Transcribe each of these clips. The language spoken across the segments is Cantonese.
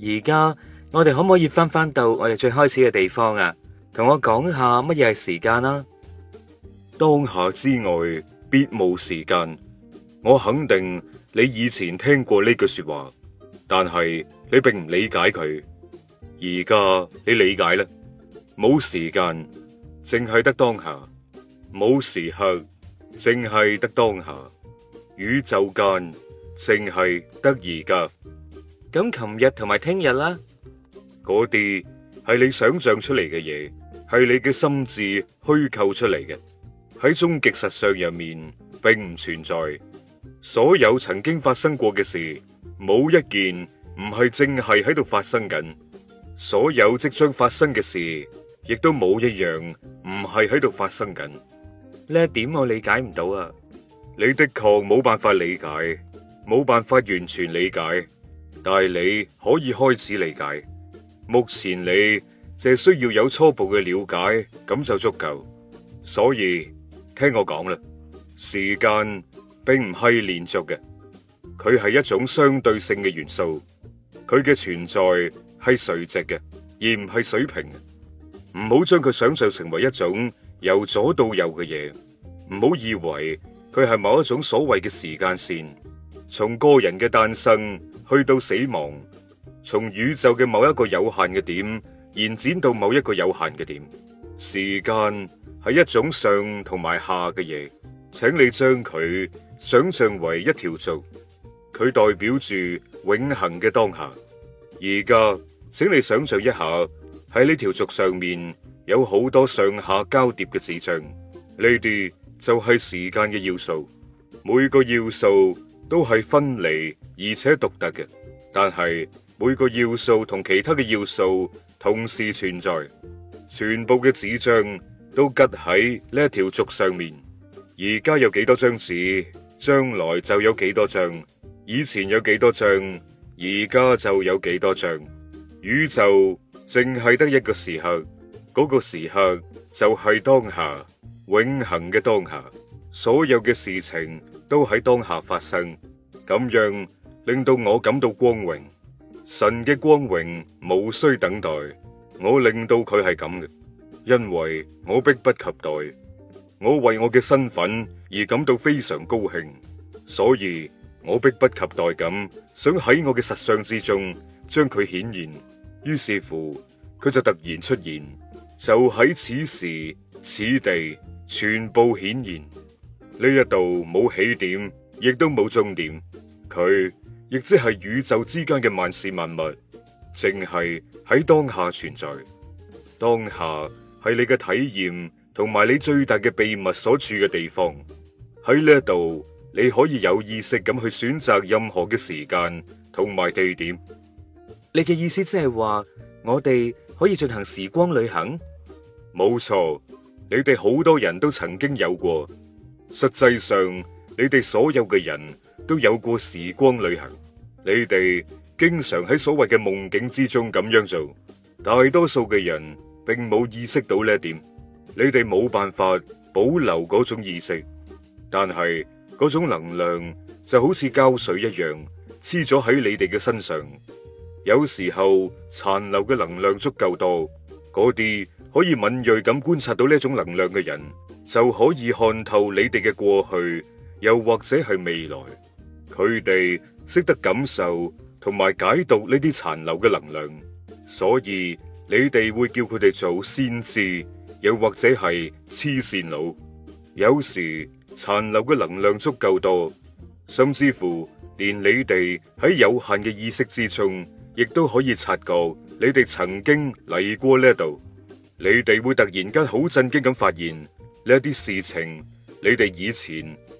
而家我哋可唔可以翻返到我哋最開始嘅地方啊？同我講下乜嘢係時間啦，啊？當下之外，必冇時間。我肯定你以前聽過呢句說話，但係你並唔理解佢。而家你理解啦？冇時間，淨係得當下，冇時刻，淨係得當下。宇宙間，淨係得而家。咁，琴日同埋聽日啦，嗰啲係你想象出嚟嘅嘢，係你嘅心智虛構出嚟嘅，喺終極實相入面並唔存在。所有曾經發生過嘅事，冇一件唔係正係喺度發生緊；所有即將發生嘅事，亦都冇一樣唔係喺度發生緊。呢一點我理解唔到啊！你的確冇辦法理解，冇辦法完全理解。但係你可以開始理解，目前你只需要有初步嘅了解，咁就足夠。所以聽我講啦，時間並唔係連續嘅，佢係一種相對性嘅元素，佢嘅存在係垂直嘅，而唔係水平。唔好將佢想象成為一種由左到右嘅嘢，唔好以為佢係某一種所謂嘅時間線。從個人嘅誕生去到死亡，從宇宙嘅某一個有限嘅點延展到某一個有限嘅點。時間係一種上同埋下嘅嘢，請你將佢想象為一條軸，佢代表住永恆嘅當下。而家，請你想象一下喺呢條軸上面有好多上下交疊嘅紙張，呢啲就係時間嘅要素，每個要素。都係分離而且獨特嘅，但係每個要素同其他嘅要素同時存在。全部嘅紙張都吉喺呢一條軸上面。而家有幾多張紙，將來就有幾多張；以前有幾多張，而家就有幾多張。宇宙淨係得一個時刻，嗰、那個時刻就係當下，永恒嘅當下。所有嘅事情都喺當下發生。咁樣令到我感到光榮，神嘅光榮無需等待，我令到佢係咁嘅，因為我迫不及待，我為我嘅身份而感到非常高興，所以我迫不及待咁想喺我嘅實相之中將佢顯現，於是乎佢就突然出現，就喺此時此地全部顯現，呢一度冇起點，亦都冇終點，佢亦即係宇宙之間嘅萬事萬物，淨係喺當下存在。當下係你嘅體驗同埋你最大嘅秘密所處嘅地方。喺呢一度，你可以有意識咁去選擇任何嘅時間同埋地點。你嘅意思即係話，我哋可以進行時光旅行？冇錯，你哋好多人都曾經有過。實際上。你哋所有嘅人都有過時光旅行，你哋經常喺所謂嘅夢境之中咁樣做。大多數嘅人並冇意識到呢一點，你哋冇辦法保留嗰種意識，但係嗰種能量就好似膠水一樣黐咗喺你哋嘅身上。有時候殘留嘅能量足夠多，嗰啲可以敏銳咁觀察到呢種能量嘅人就可以看透你哋嘅過去。又或者係未來，佢哋識得感受同埋解讀呢啲殘留嘅能量，所以你哋會叫佢哋做先知，又或者係痴綫佬。有時殘留嘅能量足夠多，甚至乎連你哋喺有限嘅意識之中，亦都可以察覺你哋曾經嚟過呢度。你哋會突然間好震驚咁發現呢啲事情，你哋以前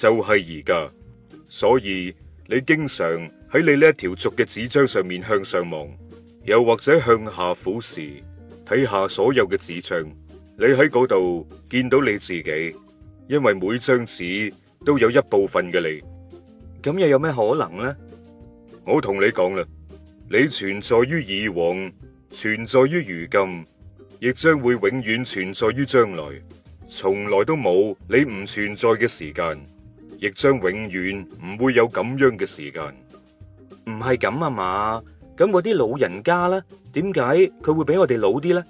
就係而家，所以你經常喺你呢一條軸嘅紙張上面向上望，又或者向下俯視，睇下所有嘅紙張，你喺嗰度見到你自己，因為每張紙都有一部分嘅你。咁又有咩可能呢？我同你講啦，你存在於以往，存在於如今，亦將會永遠存在於將來，從來都冇你唔存在嘅時間。亦將永遠唔會有咁樣嘅時間，唔係咁啊嘛。咁嗰啲老人家咧，點解佢會比我哋老啲咧？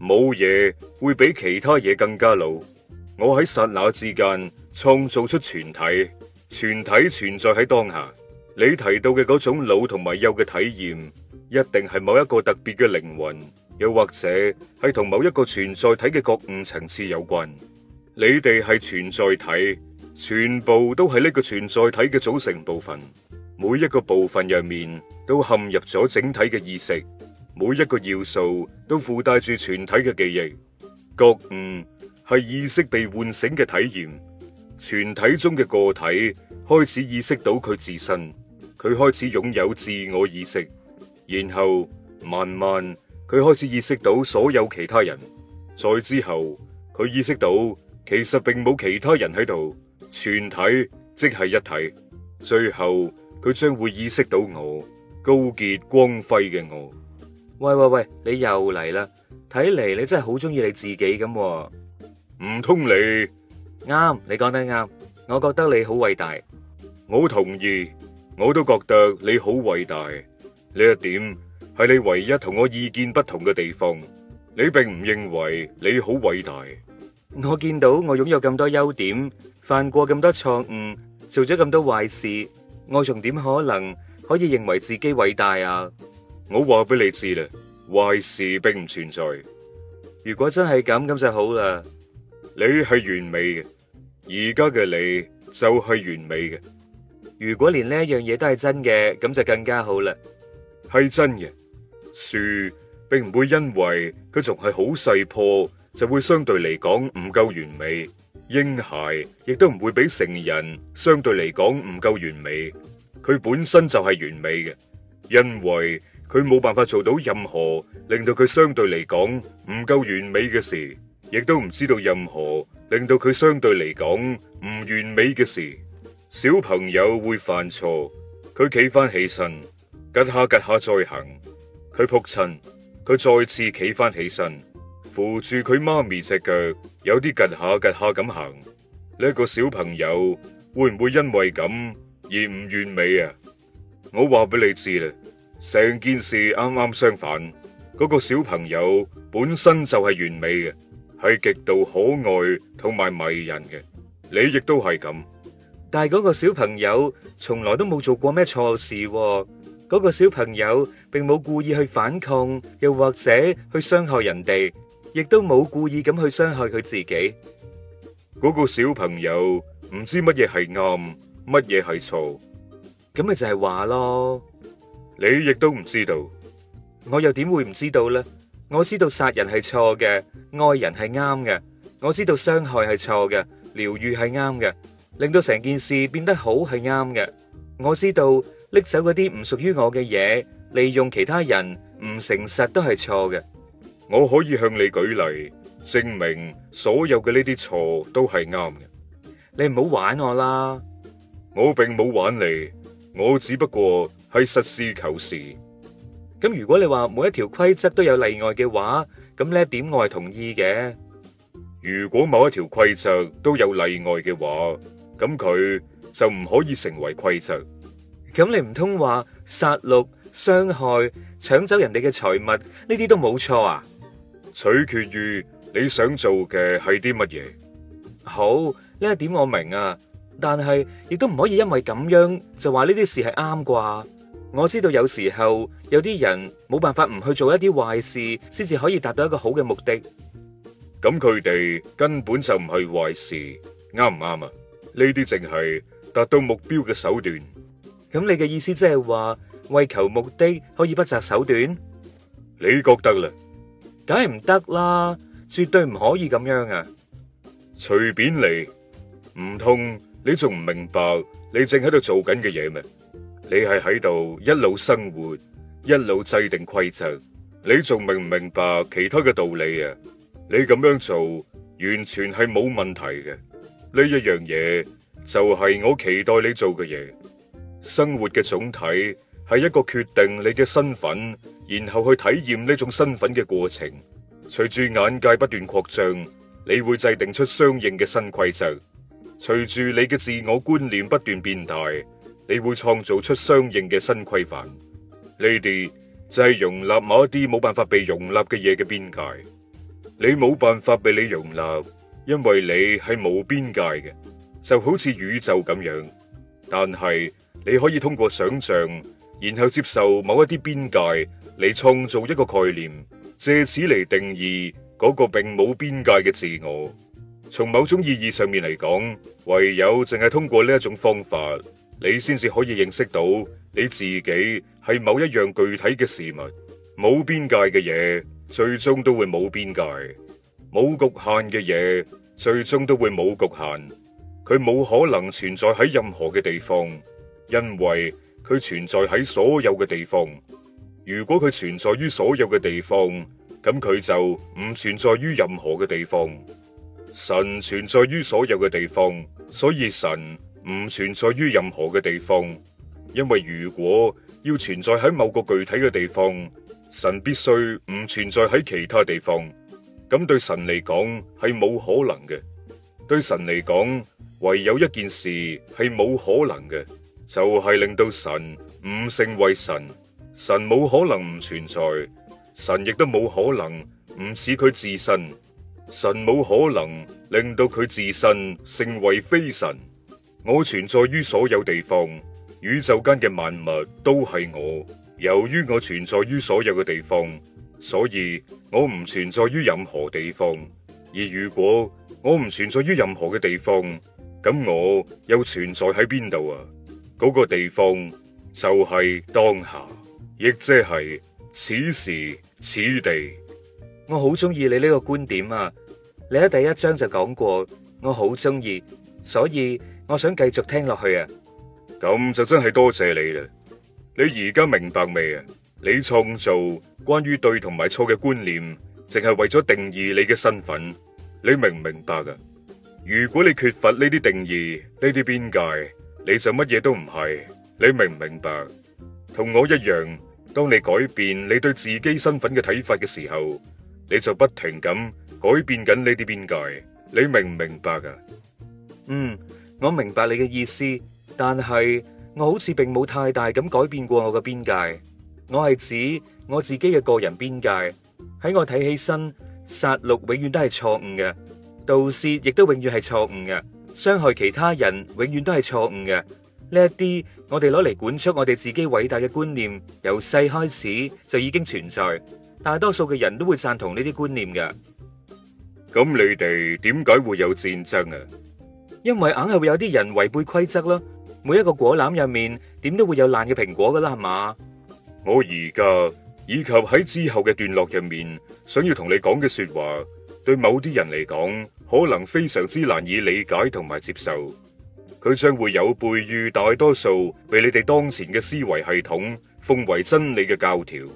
冇嘢會比其他嘢更加老。我喺剎那之間創造出全體，全體存在喺當下。你提到嘅嗰種老同埋幼嘅體驗，一定係某一個特別嘅靈魂，又或者係同某一個存在體嘅覺悟層次有關。你哋係存在體。全部都係呢個存在體嘅組成部分，每一個部分入面都陷入咗整體嘅意識，每一個要素都附帶住全體嘅記憶。覺悟係意識被喚醒嘅體驗，全體中嘅個體開始意識到佢自身，佢開始擁有自我意識，然後慢慢佢開始意識到所有其他人。再之後，佢意識到其實並冇其他人喺度。全體即係一體，最後佢將會意識到我，高潔光輝嘅我。喂喂喂，你又嚟啦！睇嚟你真係好中意你自己咁喎。唔通你啱？你講得啱，我覺得你好偉大，我同意，我都覺得你好偉大。呢一點係你唯一同我意見不同嘅地方。你並唔認為你好偉大。我見到我擁有咁多優點。犯過咁多錯誤，做咗咁多壞事，我仲點可能可以認為自己偉大啊？我話俾你知啦，壞事並唔存在。如果真係咁，咁就好啦。你係完美嘅，而家嘅你就係完美嘅。如果連呢一樣嘢都係真嘅，咁就更加好啦。係真嘅，樹並唔會因為佢仲係好細棵，就會相對嚟講唔夠完美。嬰孩亦都唔會比成人相對嚟講唔夠完美，佢本身就係完美嘅，因為佢冇辦法做到任何令到佢相對嚟講唔夠完美嘅事，亦都唔知道任何令到佢相對嚟講唔完美嘅事。小朋友會犯錯，佢企翻起身，吉下吉下再行，佢撲親，佢再次企翻起身。扶住佢媽咪隻腳，有啲趷下趷下咁行。呢個小朋友會唔會因為咁而唔完美啊？我話俾你知啦，成件事啱啱相反，嗰、那個小朋友本身就係完美嘅，係極度可愛同埋迷人嘅。你亦都係咁，但係嗰個小朋友從來都冇做過咩錯事，哦，嗰、那個小朋友並冇故意去反抗，又或者去傷害人哋。亦都冇故意咁去傷害佢自己。嗰個小朋友唔知乜嘢係啱，乜嘢係錯，咁咪就係話咯。你亦都唔知道，我又點會唔知道呢？我知道殺人係錯嘅，愛人係啱嘅。我知道傷害係錯嘅，療愈係啱嘅，令到成件事變得好係啱嘅。我知道拎走嗰啲唔屬於我嘅嘢，利用其他人唔誠實都係錯嘅。我可以向你舉例證明所有嘅呢啲錯都係啱嘅。你唔好玩我啦！我並冇玩你，我只不過係實事求是。咁如果你話每一條規則都有例外嘅話，咁呢一點我係同意嘅。如果某一條規則都有例外嘅話，咁佢就唔可以成為規則。咁你唔通話殺戮、傷害、搶走人哋嘅財物呢啲都冇錯啊？取決於你想做嘅係啲乜嘢。好，呢一點我明啊，但係亦都唔可以因為咁樣就話呢啲事係啱啩。我知道有時候有啲人冇辦法唔去做一啲壞事，先至可以達到一個好嘅目的。咁佢哋根本就唔係壞事，啱唔啱啊？呢啲淨係達到目標嘅手段。咁你嘅意思即係話，為求目的可以不擇手段？你覺得咧？梗係唔得啦，絕對唔可以咁樣啊。隨便你，唔通，你仲唔明白？你正喺度做緊嘅嘢咩？你係喺度一路生活，一路制定規則。你仲明唔明白其他嘅道理啊？你咁樣做完全係冇問題嘅。呢一樣嘢就係我期待你做嘅嘢，生活嘅總體。係一個決定你嘅身份，然後去體驗呢種身份嘅過程。隨住眼界不斷擴張，你會制定出相應嘅新規則。隨住你嘅自我觀念不斷變大，你會創造出相應嘅新規範。你哋就係容納某一啲冇辦法被容納嘅嘢嘅邊界。你冇辦法被你容納，因為你係冇邊界嘅，就好似宇宙咁樣。但係你可以通過想象。然後接受某一啲邊界嚟創造一個概念，借此嚟定義嗰個並冇邊界嘅自我。從某種意義上面嚟講，唯有淨係通過呢一種方法，你先至可以認識到你自己係某一樣具體嘅事物。冇邊界嘅嘢，最終都會冇邊界；冇局限嘅嘢，最終都會冇局限。佢冇可能存在喺任何嘅地方，因為。佢存在喺所有嘅地方。如果佢存在於所有嘅地方，咁佢就唔存在於任何嘅地方。神存在於所有嘅地方，所以神唔存在於任何嘅地方。因為如果要存在喺某個具體嘅地方，神必須唔存在喺其他地方。咁對神嚟講係冇可能嘅。對神嚟講，唯有一件事係冇可能嘅。就係令到神唔成為神，神冇可能唔存在，神亦都冇可能唔使佢自身，神冇可能令到佢自身成為非神。我存在於所有地方，宇宙間嘅萬物都係我。由於我存在於所有嘅地方，所以我唔存在於任何地方。而如果我唔存在於任何嘅地方，咁我又存在喺邊度啊？嗰個地方就係當下，亦即係此時此地。我好中意你呢個觀點啊！你喺第一章就講過，我好中意，所以我想繼續聽落去啊！咁就真係多謝你啦！你而家明白未啊？你創造關於對同埋錯嘅觀念，淨係為咗定義你嘅身份。你明唔明白啊？如果你缺乏呢啲定義，呢啲邊界。你就乜嘢都唔係，你明唔明白？同我一樣，當你改變你對自己身份嘅睇法嘅時候，你就不停咁改變緊呢啲邊界，你明唔明白噶啊？嗯，我明白你嘅意思，但係我好似並冇太大咁改變過我嘅邊界。我係指我自己嘅個人邊界，喺我睇起身，殺戮永遠都係錯誤嘅，盜竊亦都永遠係錯誤嘅。.傷害其他人永遠都係錯誤嘅。呢一啲我哋攞嚟管束我哋自己偉大嘅觀念，由細開始就已經存在。大多數嘅人都會贊同呢啲觀念嘅。咁你哋點解會有戰爭啊？因為硬係會有啲人違背規則啦。每一個果籃入面點都會有爛嘅蘋果噶啦，係嘛？我而家以及喺之後嘅段落入面，想要同你講嘅說話。對某啲人嚟講，可能非常之難以理解同埋接受，佢將會有悖於大多數被你哋當前嘅思維系統奉為真理嘅教條。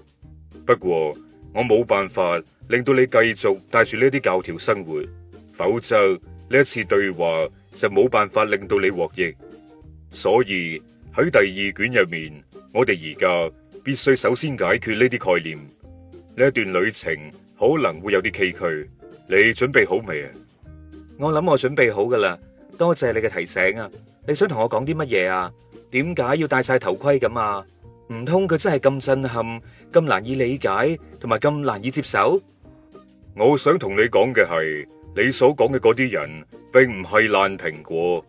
不過，我冇辦法令到你繼續帶住呢啲教條生活，否則呢一次對話就冇辦法令到你獲益。所以喺第二卷入面，我哋而家必須首先解決呢啲概念。呢段旅程可能會有啲崎嶇。你準備好未啊？我諗我準備好噶啦，多謝你嘅提醒啊！你想同我講啲乜嘢啊？點解要戴晒頭盔咁啊？唔通佢真係咁震撼、咁難以理解同埋咁難以接受？我想同你講嘅係，你所講嘅嗰啲人並爛過，並唔係爛蘋果，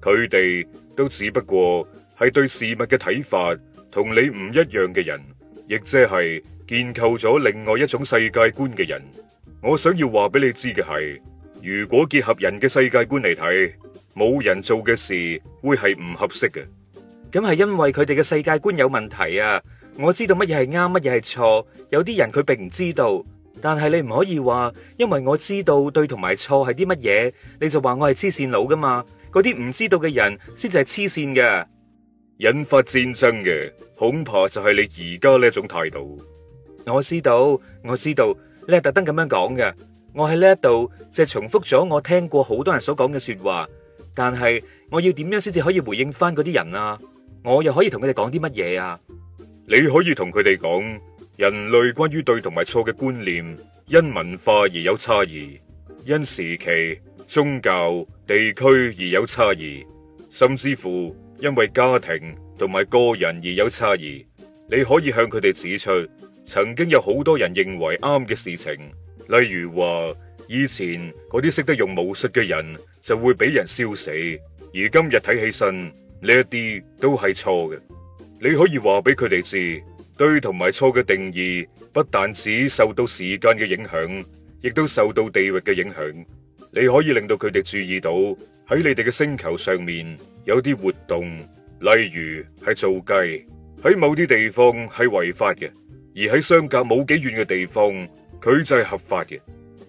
佢哋都只不過係對事物嘅睇法同你唔一樣嘅人，亦即係建構咗另外一種世界觀嘅人。我想要話俾你知嘅係，如果結合人嘅世界觀嚟睇，冇人做嘅事會係唔合適嘅。咁係因為佢哋嘅世界觀有問題啊！我知道乜嘢係啱，乜嘢係錯。有啲人佢並唔知道，但係你唔可以話，因為我知道對同埋錯係啲乜嘢，你就話我係黐線佬噶嘛？嗰啲唔知道嘅人先至係黐線嘅，引發戰爭嘅恐怕就係你而家呢一種態度。我知道，我知道。你係特登咁樣講嘅。我喺呢一度就係重複咗我聽過好多人所講嘅說話，但係我要點樣先至可以回應翻嗰啲人啊？我又可以同佢哋講啲乜嘢啊？你可以同佢哋講，人類關於對同埋錯嘅觀念，因文化而有差異，因時期、宗教、地區而有差異，甚至乎因為家庭同埋個人而有差異。你可以向佢哋指出。曾經有好多人認為啱嘅事情，例如話以前嗰啲識得用巫術嘅人就會俾人燒死，而今日睇起身呢一啲都係錯嘅。你可以話俾佢哋知，對同埋錯嘅定義不但只受到時間嘅影響，亦都受到地域嘅影響。你可以令到佢哋注意到喺你哋嘅星球上面有啲活動，例如係做雞，喺某啲地方係違法嘅。而喺相隔冇幾遠嘅地方，佢就係合法嘅。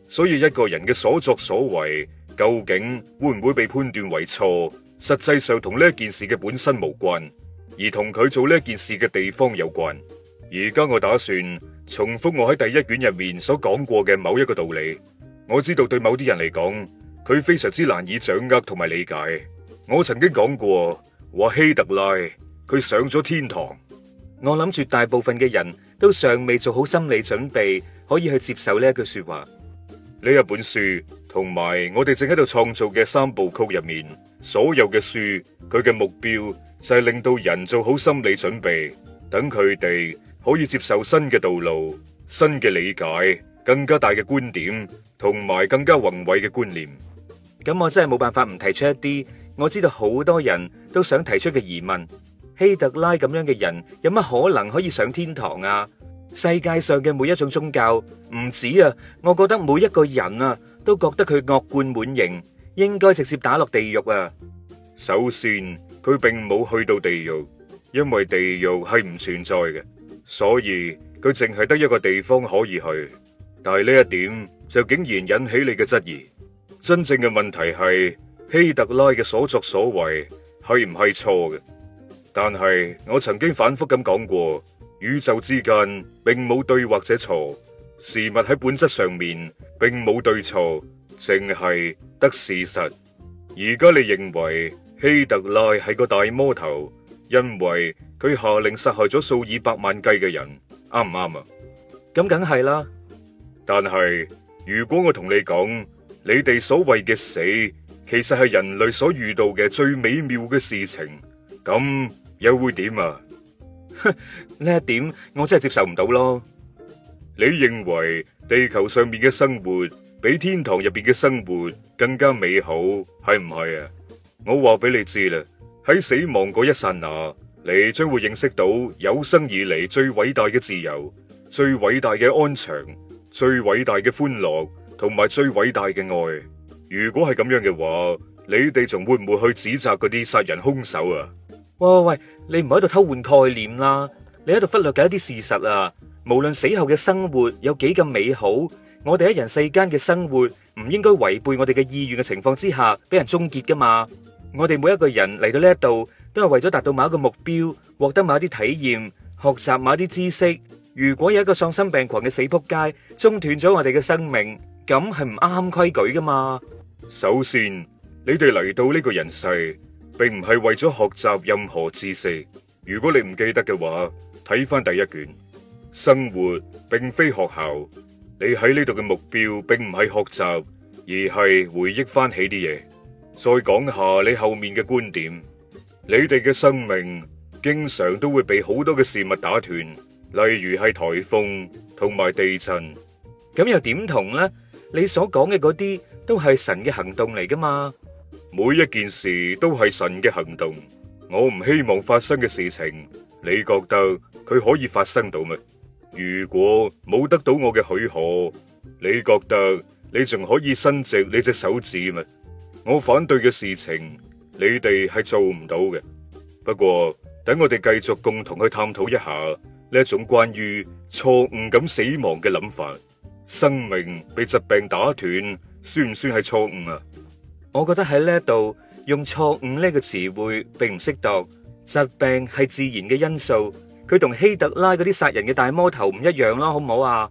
所以一個人嘅所作所為究竟會唔會被判斷為錯，實際上同呢件事嘅本身無關，而同佢做呢件事嘅地方有關。而家我打算重複我喺第一卷入面所講過嘅某一個道理。我知道對某啲人嚟講，佢非常之難以掌握同埋理解。我曾經講過，話希特拉佢上咗天堂。我諗住大部分嘅人。都尚未做好心理準備，可以去接受呢一句說話。呢一本書同埋我哋正喺度創造嘅三部曲入面，所有嘅書，佢嘅目標就係令到人做好心理準備，等佢哋可以接受新嘅道路、新嘅理解、更加大嘅觀點，同埋更加宏偉嘅觀念。咁我真係冇辦法唔提出一啲我知道好多人都想提出嘅疑問。希特拉咁樣嘅人有乜可能可以上天堂啊？世界上嘅每一種宗教唔止啊，我覺得每一個人啊都覺得佢惡貫滿盈，應該直接打落地獄啊。首先，佢並冇去到地獄，因為地獄係唔存在嘅，所以佢淨係得一個地方可以去。但係呢一點就竟然引起你嘅質疑：真正嘅問題係，希特拉嘅所作所為係唔係錯嘅？但係我曾經反覆咁講過，宇宙之間並冇對或者錯，事物喺本質上面並冇對錯，淨係得事實。而家你認為希特拉係個大魔頭，因為佢下令殺害咗數以百萬計嘅人，啱唔啱啊？咁梗係啦。但係如果我同你講，你哋所謂嘅死，其實係人類所遇到嘅最美妙嘅事情，咁。又會點啊？呢 一點我真係接受唔到咯。你認為地球上面嘅生活比天堂入邊嘅生活更加美好，係唔係啊？我話俾你知啦，喺死亡嗰一剎那，你將會認識到有生以嚟最偉大嘅自由、最偉大嘅安詳、最偉大嘅歡樂同埋最偉大嘅愛。如果係咁樣嘅話，你哋仲會唔會去指責嗰啲殺人凶手啊？喂喂，哦，喂，你唔喺度偷換概念啦！你喺度忽略緊一啲事實啊！無論死後嘅生活有幾咁美好，我哋喺人世間嘅生活唔應該違背我哋嘅意願嘅情況之下，俾人終結噶嘛？我哋每一個人嚟到呢一度，都係為咗達到某一個目標，獲得某啲體驗，學習某啲知識。如果有一個喪心病狂嘅死仆街，中斷咗我哋嘅生命，咁係唔啱規矩噶嘛？首先，你哋嚟到呢個人世。並唔係為咗學習任何知識。如果你唔記得嘅話，睇翻第一卷。生活並非學校，你喺呢度嘅目標並唔係學習，而係回憶翻起啲嘢。再講下你後面嘅觀點，你哋嘅生命經常都會被好多嘅事物打斷，例如係颱風同埋地震。咁又點同呢？你所講嘅嗰啲都係神嘅行動嚟噶嘛？每一件事都係神嘅行動，我唔希望發生嘅事情，你覺得佢可以發生到嗎？如果冇得到我嘅許可，你覺得你仲可以伸直你隻手指嗎？我反對嘅事情，你哋係做唔到嘅。不過等我哋繼續共同去探討一下呢種關於錯誤咁死亡嘅諗法，生命被疾病打斷，算唔算係錯誤啊？我覺得喺呢一度用錯誤呢個詞彙並唔適當，疾病係自然嘅因素，佢同希特拉嗰啲殺人嘅大魔頭唔一樣咯，好唔好啊？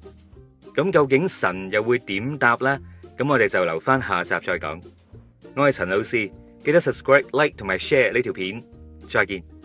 咁究竟神又會點答呢？咁我哋就留翻下集再講。我係陳老師，記得 subscribe、like 同埋 share 呢條片。再見。